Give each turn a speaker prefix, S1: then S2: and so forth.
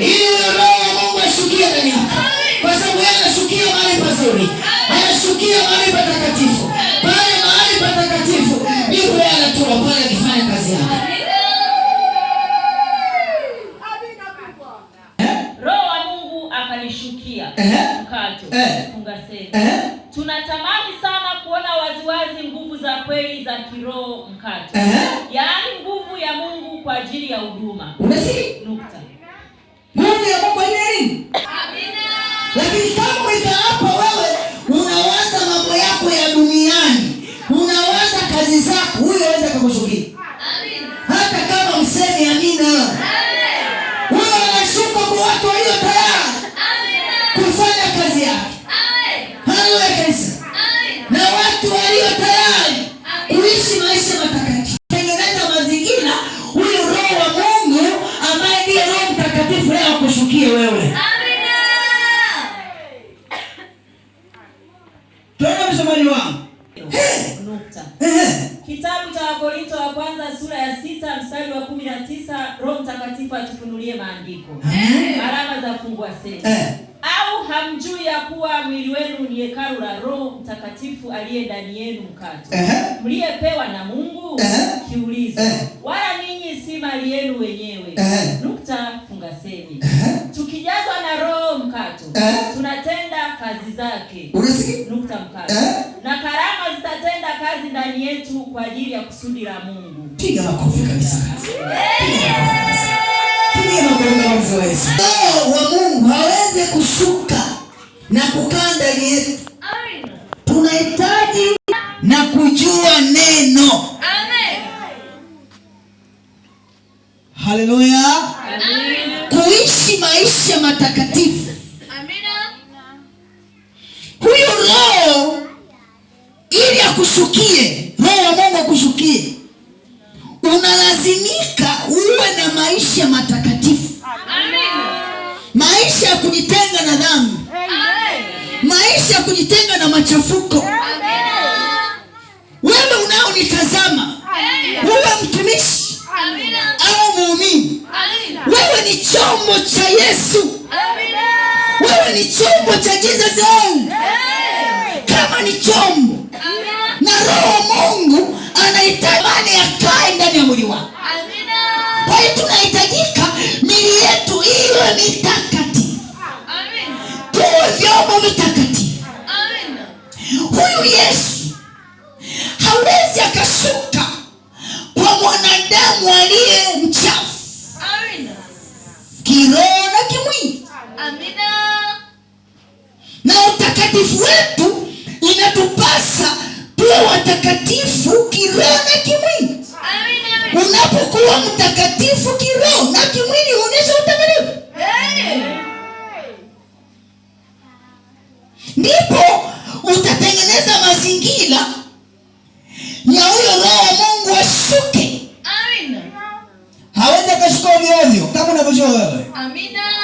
S1: Ili roho ya Mungu ashukie ndani yako, kwa sababu yeye anashukia mahali pazuri, anashukia mahali patakatifu. Pale mahali patakatifu ndipo yeye anatoka pale akifanya kazi yake.
S2: Tunatamani sana kuona waziwazi nguvu za kweli za kiroho mkato, yaani nguvu ya Mungu kwa ajili ya huduma.
S1: Unasikia? Nukta. kukusubiri, hata kama mseme amina. Wewe unashuka kwa watu walio tayari kufanya kazi yake. Haleluya kanisa, na watu walio tayari kuishi maisha matakatifu. Tengeneza mazingira, huyo Roho wa Mungu ambaye ndiye Roho Mtakatifu leo akushukie wewe. Tuende msomali wangu.
S2: Kitabu cha Wakorintho wa kwanza sura ya sita mstari wa kumi na tisa Roho Mtakatifu atufunulie maandiko alama za fungwa seti. Eh. Au hamjui ya kuwa mwili wenu ni hekalu la Roho Mtakatifu aliye ndani yenu mkato mliyepewa na Mungu? Kiulizo. Eh. Wala ninyi si mali yenu wenyewe. Nukta funga seti. Tukijazwa na Roho mkato tunatenda kazi zake. Nukta mkato na karama kazi ndani yetu kwa ajili ya kusudi la Mungu.
S1: Piga makofi kabisa. Piga makofi kabisa. Roho wa Mungu hawezi kushuka na kukaa ndani yetu. Tunahitaji na kujua neno. Amen. Haleluya. Amen. Kuishi maisha matakatifu ili akushukie roho ya Mungu akushukie, unalazimika uwe na maisha matakatifu. Amen. Maisha ya kujitenga na dhambi, maisha ya kujitenga na machafuko. Wewe unaonitazama, wewe mtumishi au muumini, wewe ni chombo cha Yesu, wewe ni chombo cha Jesus. Kwa hiyo tunahitajika mili yetu iwe mitakatifu, tuwe vyombo vitakatifu. Huyu Yesu hawezi akashuka kwa mwanadamu aliye mchafu kiroho na kimwili, na utakatifu wetu Roho Mtakatifu kiroho na kimwili huonyesha utakatifu. Ndipo utatengeneza mazingira na huyo Roho wa Mungu ashuke. Amina. Hawezi akashuka ovyo ovyo kama unavyojua wewe. Amina.